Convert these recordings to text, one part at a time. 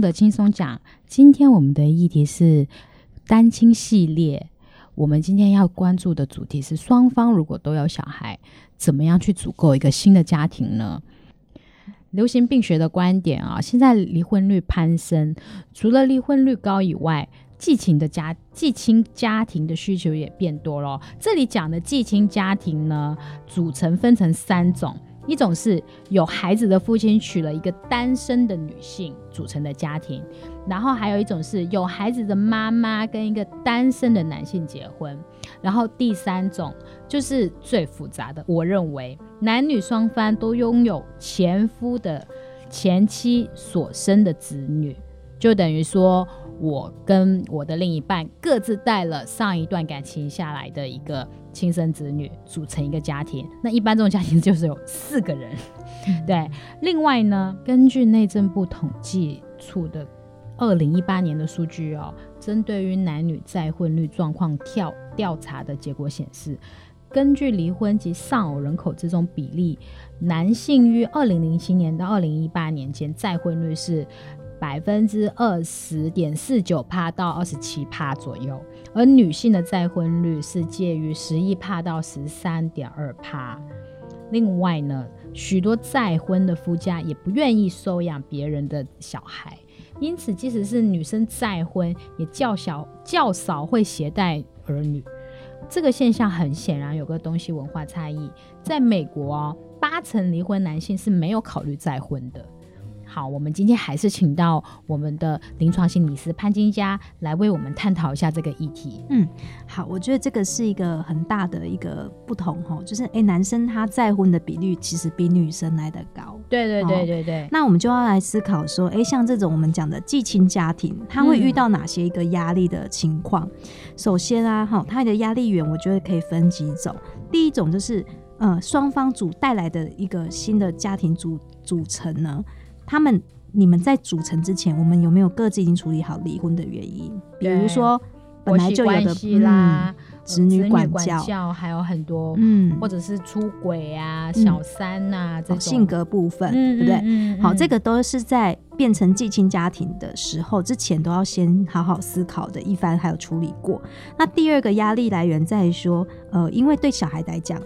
的輕鬆講，今天我們的議題是單親系列。我們今天要關注的主題是雙方如果都有小孩，怎麼樣去組構一個新的家庭呢？流行病學的觀點啊，現在離婚率攀升，除了離婚率高以外，寄情的家寄親家庭的需求也變多咯。這裡講的寄親家庭呢，組成分成三種。一種是有孩子的父親娶了一個單身的女性組成的家庭，然後還有一種是有孩子的媽媽跟一個單身的男性結婚，然後第三種就是最複雜的，我認為男女雙方都擁有前夫的前妻所生的子女，就等於說。我跟我的另一半各自帶了上一段感情下來的一個親生子女，組成一個家庭。那一般這種家庭就是有四個人，對。另外呢，根據內政部統計處的二零一八年的數據哦，針對於男女再婚率狀況調調查的結果顯示，根據離婚及喪偶人口這種比例，男性於二零零七年到二零一八年間再婚率是。百分之二十點四九趴到二十七趴左右，而女性的再婚率是介於十一趴到十三點二趴。另外呢，許多再婚的夫家也不願意收養別人的小孩，因此即使是女生再婚，也較小較少會攜帶兒女。這個現象很顯然有個東西文化差異，在美國哦，八成離婚男性是沒有考慮再婚的。好，我們今天還是請到我們的臨床心理師潘金嘉來為我們探討一下這個議題。嗯，好，我覺得這個是一個很大的一個不同哈，就是哎、欸，男生他在婚的比率其實比女生來得高。對對對對對，對、哦。那我們就要來思考說，哎、欸，像這種我們講的繼親家庭，他會遇到哪些一個壓力的情況、嗯？首先啊，哈，他的壓力源我覺得可以分幾種，第一種就是呃，雙方組帶來的一個新的家庭組組成呢。他們，你們在組成之前，我們有沒有各自已經處理好離婚的原因？比如說本來就有的啦、嗯子，子女管教，還有很多嗯，或者是出軌啊、小三吶、啊嗯、這種、哦、性格部分，嗯嗯嗯嗯對不對？好，這個都是在變成繼親家庭的時候之前，都要先好好思考的一番，還有處理過。那第二個壓力來源在於說，呃，因為對小孩來講。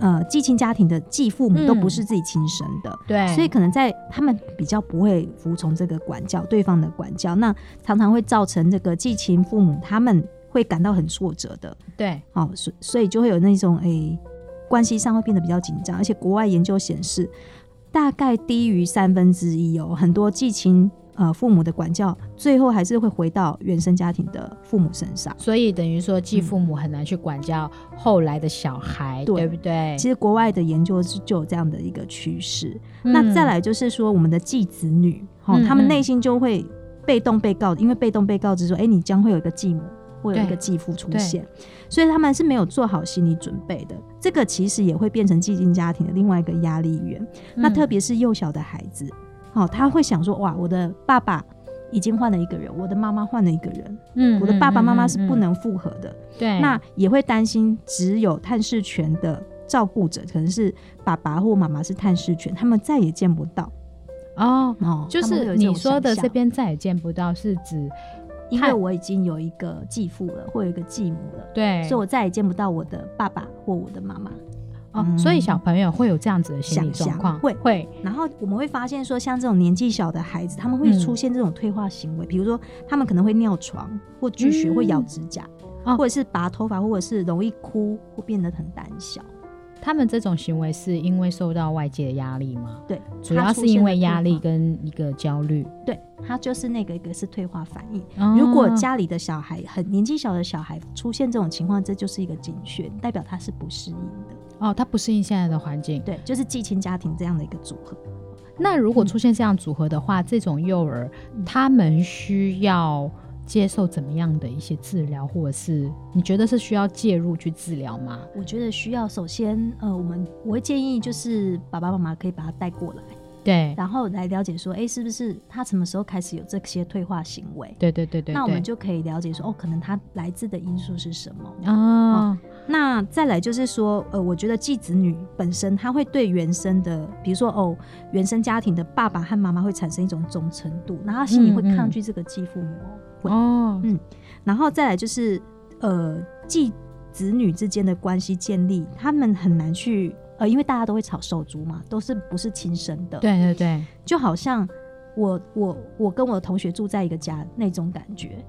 呃，繼親家庭的繼父母都不是自己親生的，嗯、對，所以可能在他們比較不會服從這個管教，對方的管教，那常常會造成這個繼親父母他們會感到很挫折的。對。哦，所以所以就會有那種誒、哎，關係上會變得比較緊張，而且國外研究顯示，大概低於三分之一有很多繼親，呃，父母的管教最後還是會回到原生家庭的父母身上，所以等於說，繼父母很難去管教後來的小孩，嗯、對不對？其實國外的研究是就有這樣的一個趨勢，嗯。那再來就是說，我們的繼子女，嗯、他們內心就會被動被告，嗯、因為被動被告知說，哎、欸，你將會有一個繼母或有一個繼父出現，所以他們是沒有做好心理準備的。這個其實也會變成繼親家庭的另外一個壓力源。嗯、那特別是幼小的孩子。哦，他會想說，哇，我的爸爸已經換了一個人，我的媽媽換了一個人，嗯，我的爸爸媽媽是不能復合的，對、嗯嗯嗯。那也會擔心，只有探視權的照顧者，可能是爸爸或媽媽是探視權，他們再也見不到。哦，哦就是你說的這邊再也見不到，是指因為我已經有一個繼父了，或有一個繼母了，對，所以我再也見不到我的爸爸或我的媽媽。哦，所以小朋友會有這樣子的心理狀況。嗯，會會。然後我們會發現說，像這種年紀小的孩子，他們會出現這種退化行為，嗯、比如說他們可能會尿床或繼續、嗯、會咬指甲、啊，或者是拔頭髮，或者是容易哭，會變得很膽小。他們這種行為是因為受到外界的壓力嗎？嗯、對，主要是因為壓力跟一個焦慮。對，他就是那個一個是退化反應。哦、如果家裡的小孩很年紀小的小孩出現這種情況，這就是一個警訊，代表他是不適應的。哦，他不適應現在的環境，對，就是繼親家庭這樣的一個組合。那如果出現這樣組合的話，嗯、這種幼兒他們需要接受怎麼樣的一些治療，或者是你覺得是需要介入去治療嗎？我覺得需要。首先，呃，我們我會建議就是爸爸媽媽可以把他帶過來。對，然後來了解說，哎，是不是他什麼時候開始有這些退化行為？對對對，對，對。那我們就可以了解說，哦，可能他來自的因素是什麼？哦，哦，那再來就是說，呃，我覺得繼子女本身他會對原生的，比如說哦，原生家庭的爸爸和媽媽會產生一種忠誠度，然後他心裡會抗拒這個繼父母。哦，嗯。然後再來就是，呃，繼子女之間的關係建立，他們很難去。呃，因為大家都會吵手足嘛，都是不是親生的。對對對，就好像我我我跟我同學住在一個家那種感覺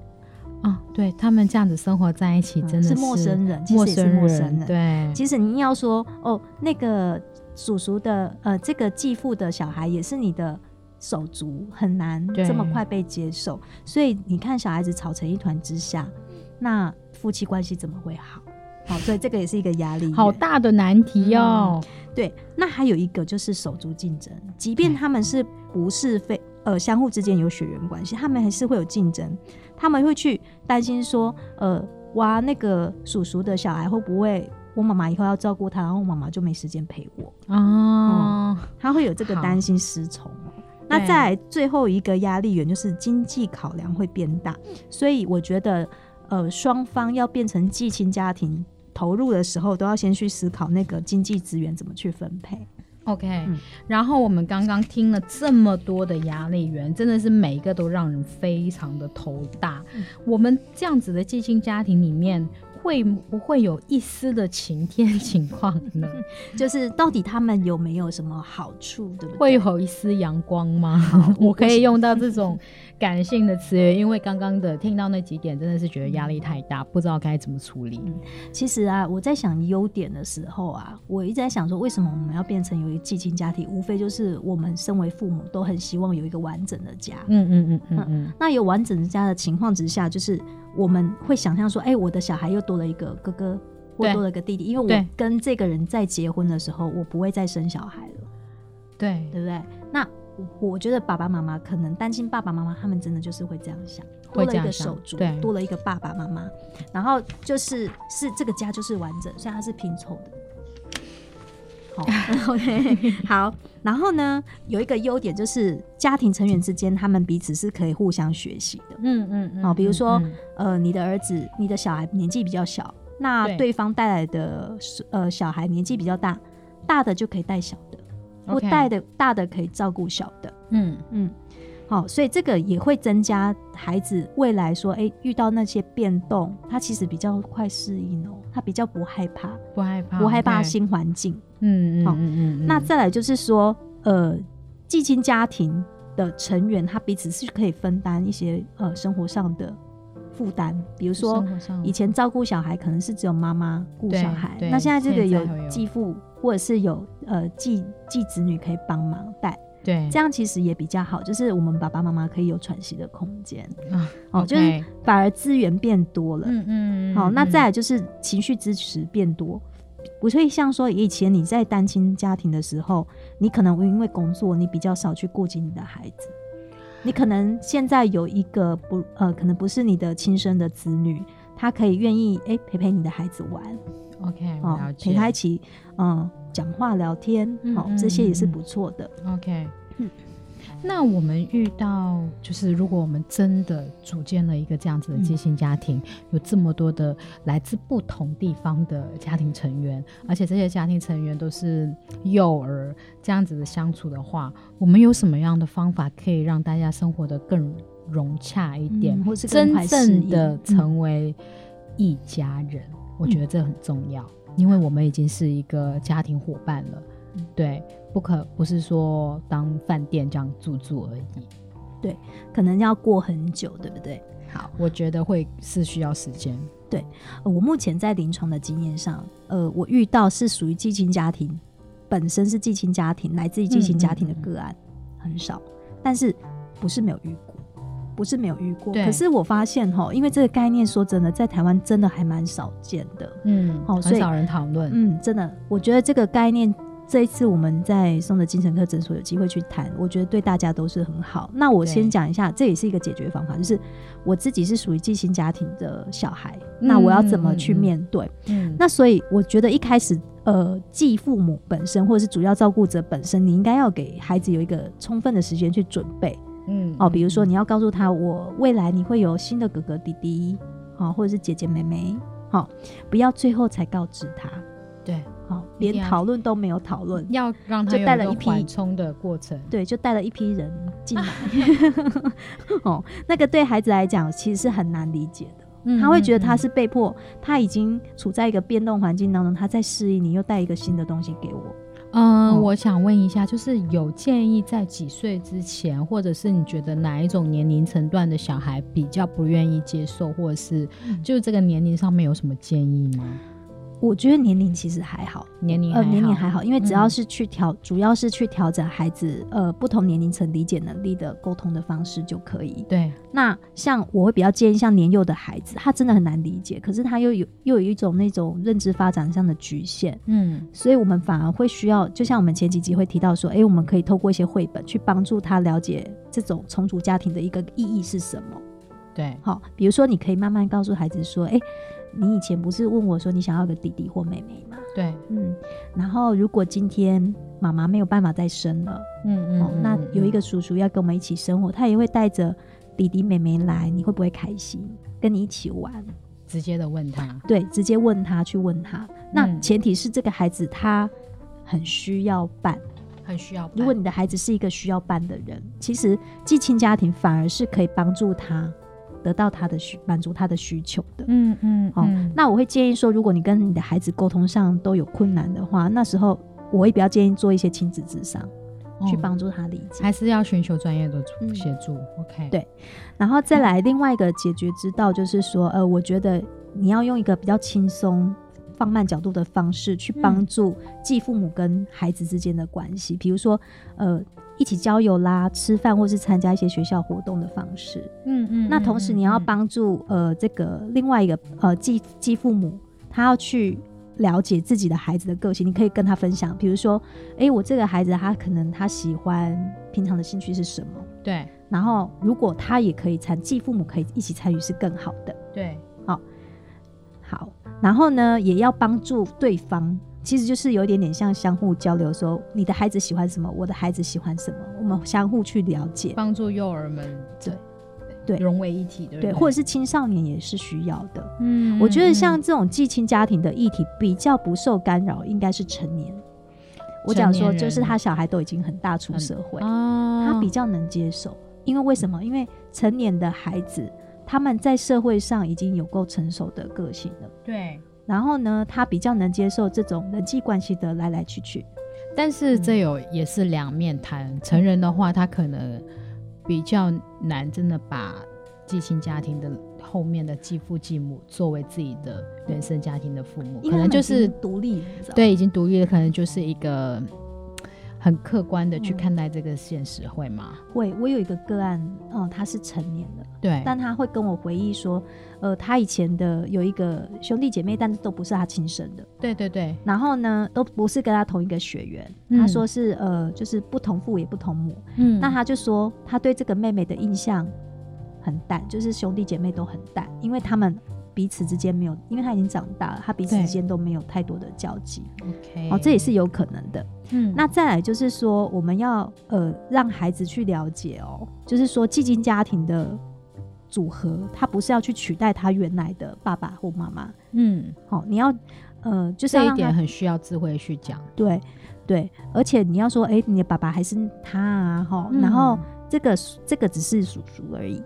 啊、哦，對他們這樣子生活在一起，真的是陌生人、嗯、是陌生人，其實也是陌生人。對，其實你要說哦，那個叔叔的呃，這個繼父的小孩也是你的手足，很難這麼快被接受。所以你看小孩子吵成一團之下，那夫妻關係怎麼會好？好，所以這個也是一個壓力，好大的難題哦、嗯。對，那還有一個就是手足競爭，即便他們是不是非呃相互之間有血緣關係，他們還是會有競爭，他們會去擔心說，呃，哇，那個叔叔的小孩會不會我媽媽以後要照顧他，然後我媽媽就沒時間陪我啊、哦嗯？他會有這個擔心失寵。那再來最後一個壓力源就是經濟考量會變大，所以我覺得呃雙方要變成繼親家庭。投入的時候，都要先去思考那個經濟資源怎麼去分配。OK，、嗯、然後我們剛剛聽了這麼多的壓力源，真的是每一個都讓人非常的頭大。嗯、我們這樣子的繼親家庭裡面。會不會有一絲的晴天情況呢？ 就是到底他們有沒有什麼好處？對不對？會有一絲陽光嗎？哦、 我可以用到這種感性的詞語， 因為剛剛的聽到那幾點，真的是覺得壓力太大， 不知道該怎麼處理、嗯。其實啊，我在想優點的時候啊，我一直在想說，為什麼我們要變成有一個寄情家庭？無非就是我們身為父母都很希望有一個完整的家。嗯嗯嗯嗯嗯。那有完整的家的情況之下，就是。我們會想象說，哎、欸，我的小孩又多了一個哥哥，或多了一個弟弟，因為我跟這個人在結婚的時候，我不會再生小孩了，對，對不對？那我覺得爸爸媽媽可能擔心，爸爸媽媽他們真的就是會這樣想，多了一個手足，對多了一個爸爸媽媽，然後就是是這個家就是完整，雖然它是拼湊的。 OK，好，然後呢，有一個優點就是家庭成員之間他們彼此是可以互相學習的。嗯嗯。嗯，哦、比如說、嗯，呃，你的兒子、你的小孩年紀比較小，那對方帶來的呃小孩年紀比較大，大的就可以帶小的，okay、或帶的大的可以照顧小的。嗯嗯。好、哦，所以這個也會增加孩子未來說，哎，遇到那些變動，他其實比較快適應哦，他比較不害怕，不害怕，不害怕新環境。Okay。嗯，好，嗯嗯，那再來就是說，嗯、呃，繼親家庭的成員，他彼此是可以分擔一些呃生活上的負擔，比如說以前照顧小孩可能是只有媽媽顧小孩，那現在這個有繼父有或者是有呃繼繼子女可以幫忙帶，對，這樣其實也比較好，就是我們爸爸媽媽可以有喘息的空間、啊，哦、okay，就是反而資源變多了，嗯嗯，好嗯，那再來就是情緒支持變多。嗯嗯不會像說以前你在單親家庭的時候，你可能因為工作你比較少去顧及你的孩子，你可能現在有一個不呃，可能不是你的親生的子女，他可以願意哎陪陪你的孩子玩，OK，哦陪他一起嗯，呃，講話聊天，好，嗯哦，這些也是不錯的，OK，嗯。那我們遇到就是，如果我們真的組建了一個這樣子的繼親家庭、嗯，有這麼多的來自不同地方的家庭成員，嗯、而且這些家庭成員都是幼兒這樣子的相處的話，我們有什麼樣的方法可以讓大家生活得更融洽一點，嗯、或是真正的成為一家人？嗯、我覺得這很重要、嗯，因為我們已經是一個家庭夥伴了，嗯、對。不可不是說當飯店這樣住住而已，對，可能要過很久，對不對？好，我覺得會是需要時間。對、呃，我目前在臨床的經驗上，呃，我遇到是屬於繼親家庭，本身是繼親家庭，來自於繼親家庭的個案嗯嗯嗯很少，但是不是沒有遇過，不是沒有遇過。可是我發現哈、哦，因為這個概念，說真的，在台灣真的還蠻少見的，嗯，哦、所以很少人討論，嗯，真的，我覺得這個概念。這一次我們在松德精神科診所有機會去談，我覺得對大家都是很好。那我先講一下，這也是一個解決方法，就是我自己是屬於繼親家庭的小孩、嗯，那我要怎麼去面對？嗯，那所以我覺得一開始，呃，繼父母本身或者是主要照顧者本身，你應該要給孩子有一個充分的時間去準備。嗯，哦，比如說你要告訴他，我未來你會有新的哥哥弟弟，好、哦，或者是姐姐妹妹，好、哦，不要最後才告知他。對，好、哦。連討論都沒有討論，要讓他有緩衝的過程。對，就帶了一批人進來。 哦，那個對孩子來講其實是很難理解的，嗯嗯嗯，他會覺得他是被迫，他已經處在一個變動環境當中，他在適應，你又帶一個新的東西給我嗯。嗯，我想問一下，就是有建議在幾歲之前，或者是你覺得哪一種年齡層段的小孩比較不願意接受，或者是就這個年齡上面有什麼建議嗎？我覺得年齡其實還好，年齡呃年齡還好，因為只要是去調、嗯，主要是去調整孩子呃不同年齡層理解能力的溝通的方式就可以。對，那像我會比較建議像年幼的孩子，他真的很難理解，可是他又有又有一種那種認知發展上的局限，嗯，所以我們反而會需要，就像我們前幾集會提到說，哎、欸，我們可以透過一些繪本去幫助他了解這種重組家庭的一個意義是什麼。對，好，比如說你可以慢慢告訴孩子說，哎、欸。你以前不是問我說，你想要個弟弟或妹妹嗎？對，嗯，然後如果今天媽媽沒有辦法再生了，嗯嗯、哦、嗯，那有一個叔叔要跟我們一起生活、嗯，他也會帶着弟弟妹妹來，你會不會開心？跟你一起玩？直接的問他，對，直接問他去問他、嗯。那前提是這個孩子他很需要伴，很需要伴。如果你的孩子是一個需要伴的人，其實繼親家庭反而是可以幫助他。得到他的需滿足他的需求的，嗯嗯，好、哦嗯，那我會建議說，如果你跟你的孩子溝通上都有困難的話，那時候我會比較建議做一些親子諮商，哦、去幫助他理解，還是要尋求專業的協助。嗯、OK，對，然後再來另外一個解決之道，就是說、嗯，呃，我覺得你要用一個比較輕鬆、放慢角度的方式去幫助繼、嗯、父母跟孩子之間的關係，比如說，呃。一起交友啦，吃飯或是參加一些學校活動的方式，嗯嗯。那同時你要幫助、嗯嗯嗯、呃這個另外一個呃繼繼父母，他要去了解自己的孩子的個性，你可以跟他分享，比如說，哎、欸，我這個孩子他可能他喜歡平常的興趣是什麼，對。然後如果他也可以參，繼父母可以一起參與是更好的，對。好、哦，好，然後呢，也要幫助對方。其實就是有一點點像相互交流說，說你的孩子喜歡什麼，我的孩子喜歡什麼，我們相互去了解，幫助幼兒們對對融為一體的對，對，對，或者是青少年也是需要的。嗯，我覺得像這種繼親家庭的議題比較不受干擾，應該是成年。成年我講說就是他小孩都已經很大出社會、嗯哦，他比較能接受。因為為什麼？因為成年的孩子他們在社會上已經有夠成熟的個性了。對。然後呢，他比較能接受這種人際關係的來來去去，但是這有也是兩面談。嗯、成人的話，他可能比較難，真的把繼親家庭的後面的繼父繼母作為自己的原生家庭的父母，嗯、可能就是獨立，對已經獨立了，可能就是一個。嗯很客觀的去看待這個現實會嗎？嗯、會，我有一個個案，哦、嗯，他是成年的，對，但他會跟我回憶說，呃，他以前的有一個兄弟姐妹，但是都不是他親生的，對對對，然後呢，都不是跟他同一個血緣、嗯，他說是呃，就是不同父也不同母，嗯，那他就說他對這個妹妹的印象很淡，就是兄弟姐妹都很淡，因為他們。彼此之間沒有，因為他已經長大了，他彼此之間都沒有太多的交集。OK，哦，這也是有可能的。嗯，那再來就是說，我們要呃讓孩子去了解哦，就是說繼親家庭的組合，他不是要去取代他原來的爸爸或媽媽。嗯，好、哦，你要呃，就是要這一點很需要智慧去講。對對，而且你要說，哎，你的爸爸還是他哈、啊哦嗯，然後這個這個只是叔叔而已。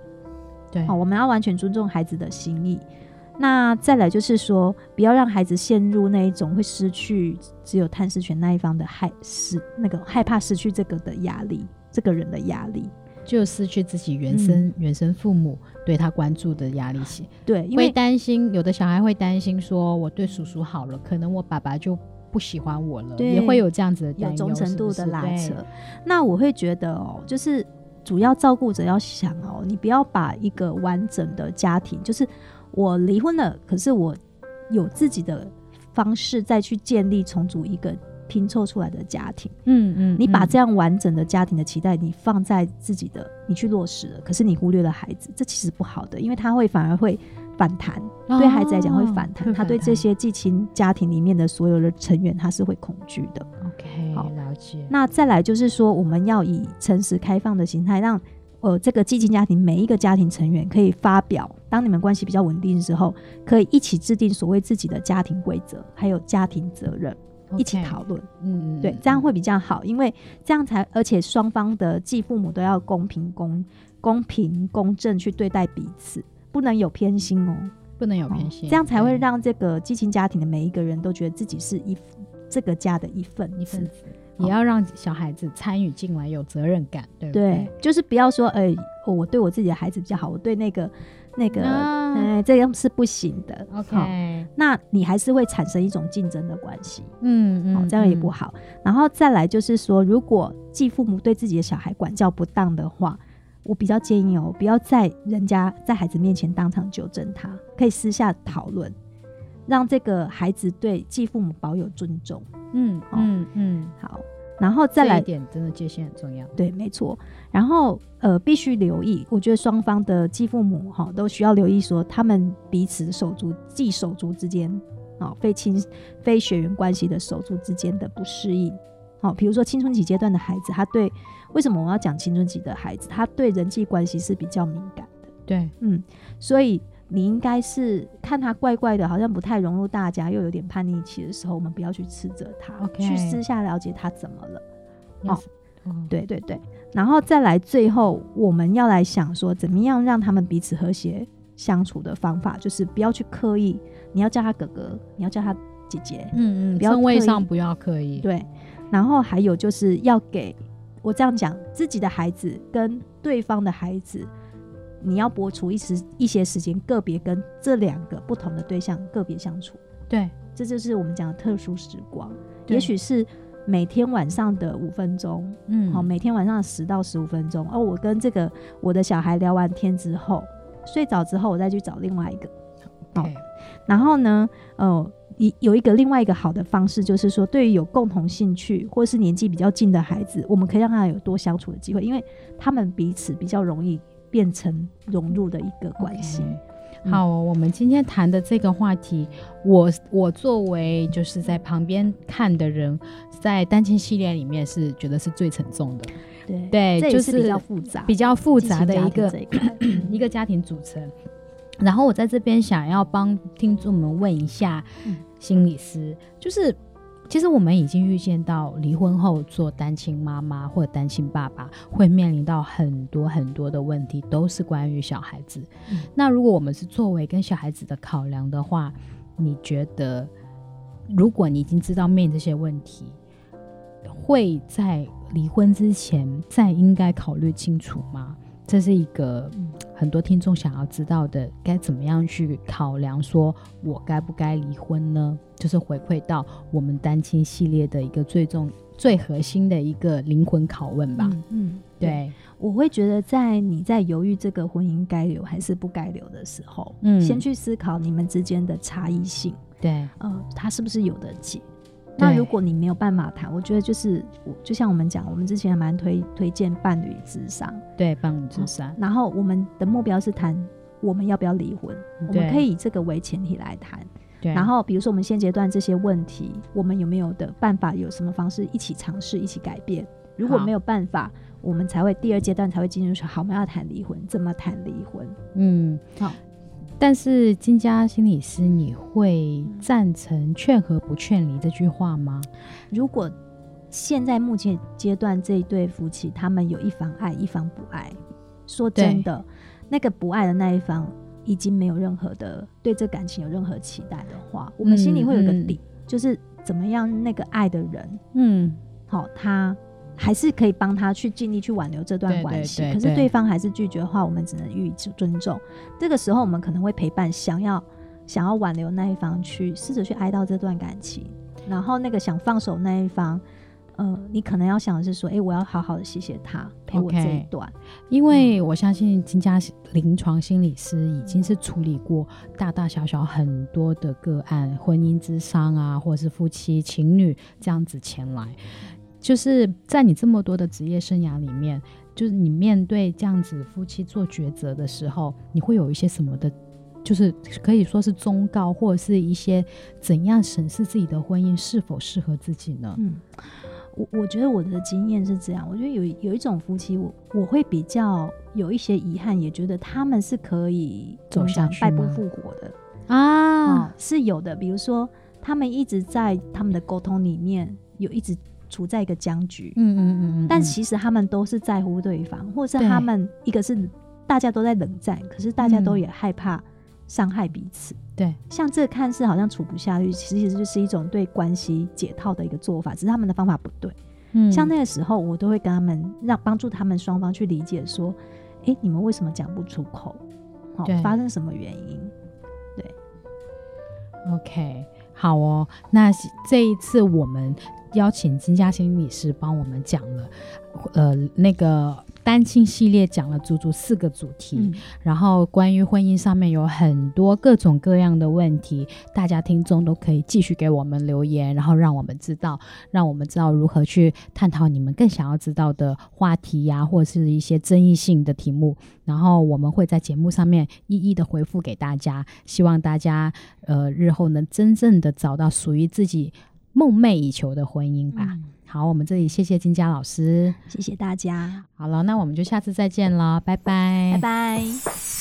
對，好、哦，我們要完全尊重孩子的心意。那再來就是說，不要讓孩子陷入那一種會失去只有探視權那一方的害失那個害怕失去這個的壓力，這個人的壓力，就失去自己原生、嗯、原生父母對他關注的壓力、嗯。對，因為擔心有的小孩會擔心說，我對叔叔好了，可能我爸爸就不喜歡我了。對，也會有這樣子的擔憂，有種程度的拉扯是不是？對。那我會覺得哦，就是主要照顧者要想哦，你不要把一個完整的家庭就是。我離婚了，可是我有自己的方式再去建立重組一個拼湊出來的家庭。嗯嗯，嗯，你把這樣完整的家庭的期待你放在自己的，你去落實了，可是你忽略了孩子，這其實不好的，因為他會反而會反彈，哦、對孩子來講會反彈。哦、他對這些繼親家庭裡面的所有的成員，他是會恐懼的。哦、OK，好，了解。那再來就是說，我們要以誠實開放的心態，讓呃這個繼親家庭每一個家庭成員可以發表。當你們關係比較穩定的時候，可以一起制定所謂自己的家庭規則，還有家庭責任，okay, 一起討論。嗯，對，這樣會比較好，因為這樣才，而且雙方的繼父母都要公平公公平公正去對待彼此，不能有偏心哦，不能有偏心，哦嗯、這樣才會讓這個繼親家庭的每一個人都覺得自己是一、嗯、這個家的一份一份子、哦，也要讓小孩子參與進來，有責任感，對不對？對，就是不要說，哎，哦、我對我自己的孩子比較好，我對那個。那個，No. 嗯、這樣、個、是不行的。o、Okay. 哦、那你還是會產生一種競爭的關係。嗯，嗯哦、這樣也不好、嗯。然後再來就是說，如果繼父母對自己的小孩管教不當的話，我比較建議哦，不要在人家在孩子面前當場糾正他，可以私下討論，讓這個孩子對繼父母保有尊重。嗯、哦、嗯嗯，嗯，好。然後再來一點，真的界限很重要。對，沒錯。然後呃，必須留意，我覺得雙方的繼父母哈、哦、都需要留意說，說他們彼此手足繼手足之間啊、哦，非親非血緣關係的手足之間的不適應。好、哦，比如說青春期階段的孩子，他對為什麼我要講青春期的孩子，他對人際關係是比較敏感的。對，嗯，所以。你應該是看他怪怪的，好像不太融入大家，又有點叛逆期的時候，我們不要去斥責他，Okay. 去私下了解他怎麼了。Yes. 哦，嗯，對對對，然後再來，最後我們要來想說，怎麼樣讓他們彼此和諧相處的方法，就是不要去刻意，你要叫他哥哥，你要叫他姐姐，嗯嗯，稱謂上不要刻意。對，然後還有就是要給我這樣講，自己的孩子跟對方的孩子。你要撥出一時一些時間，個別跟這兩個不同的對象個別相處。對，這就是我們講的特殊時光。也許是每天晚上的五分鐘，嗯，好，每天晚上的十到十五分鐘。哦，我跟這個我的小孩聊完天之後，睡着之後，我再去找另外一個。對，然後呢，哦，有一個另外一個好的方式，就是說，對於有共同興趣或是年紀比較近的孩子，我們可以讓他有多相處的機會，因為他們彼此比較容易。.變成融入的一個關係，okay, 嗯。好，我們今天談的這個話題，我我作為就是在旁邊看的人，在單親系列裡面是覺得是最沉重的。對，對，就是比較複雜，就是，比較複雜的一個一個，一個家庭組成。然後我在這邊想要幫聽眾們問一下，心理師、嗯、就是。其實我們已經預見到，離婚後做單親媽媽或單親爸爸會面臨到很多很多的問題，都是關於小孩子。嗯。那如果我們是作為跟小孩子的考量的話，你覺得，如果你已經知道面臨這些問題，會在離婚之前再應該考慮清楚嗎？這是一個很多聽眾想要知道的，該怎麼樣去考量，說我該不該離婚呢？就是回饋到我們單親系列的一個最重、最核心的一個靈魂拷問吧。嗯，嗯對，我會覺得在你在猶豫這個婚姻該留還是不該留的時候，嗯，先去思考你們之間的差異性。對，呃，他是不是有得解？那如果你沒有辦法談，我覺得就是，就像我們講，我們之前還蠻推推薦伴侶諮商，對，伴侶諮商。然後我們的目標是談我們要不要離婚，我們可以以這個為前提來談，對。然後比如說我們現階段這些問題，我們有沒有的辦法，有什麼方式一起嘗試，一起改變？如果沒有辦法，我們才會第二階段才會進入說，好，我們要談離婚，怎麼談離婚？嗯，好，哦。但是金嘉心理師，你會贊成勸和不勸離這句話嗎？如果現在目前階段這一對夫妻，他們有一方愛，一方不愛，說真的，那個不愛的那一方已經沒有任何的對這感情有任何期待的話，我們心裡會有個底、嗯，就是怎麼樣那個愛的人，嗯，好、哦、他。還是可以幫他去盡力去挽留這段關係。對對對對對，可是對方還是拒絕的話，我們只能予以尊重。對對對對，這個時候，我們可能會陪伴想要想要挽留那一方去試着去哀悼這段感情，然後那個想放手那一方，呃、你可能要想的是說，哎，我要好好的謝謝他陪我這一段，okay, 因為我相信金、嗯、嘉臨床心理師已經是處理過大大小小很多的個案，嗯、婚姻之傷啊，或者是夫妻情侶這樣子前來。就是在你這麼多的職業生涯裡面，就是你面對這樣子夫妻做抉擇的時候，你會有一些什麼的？就是可以說是忠告，或者是一些怎樣審視自己的婚姻是否適合自己呢？嗯，我我覺得我的經驗是這樣，我覺得有有一種夫妻我，我我會比較有一些遺憾，也覺得他們是可以走下去敗不復活的啊，嗯，是有的。比如說，他們一直在他們的溝通裡面有一直。處在一個僵局，嗯,嗯嗯嗯嗯，但其實他們都是在乎對方，或者是他們一個是大家都在冷戰，可是大家都也害怕傷害彼此、嗯，對，像這看似好像處不下去，其實其實就是一種對關係解套的一個做法，只是他們的方法不對，嗯，像那個時候我都會跟他們讓幫助他們雙方去理解說，哎、欸，你們為什麼講不出口？好、哦，發生什麼原因？對，OK，好哦，那這一次我們。邀請金嘉心理師幫我們講了，呃，那個單親系列講了足足四個主題，嗯、然後關於婚姻上面有很多各種各樣的問題，大家聽眾都可以繼續給我們留言，然後讓我們知道，讓我們知道如何去探討你們更想要知道的話題呀、啊，或者是一些爭議性的題目，然後我們會在節目上面一一的回復給大家，希望大家呃日後能真正的找到屬於自己夢寐以求的婚姻吧，嗯。好，我們這裡謝謝金嘉老師，謝謝大家。好了，那我們就下次再見了，拜拜，拜拜。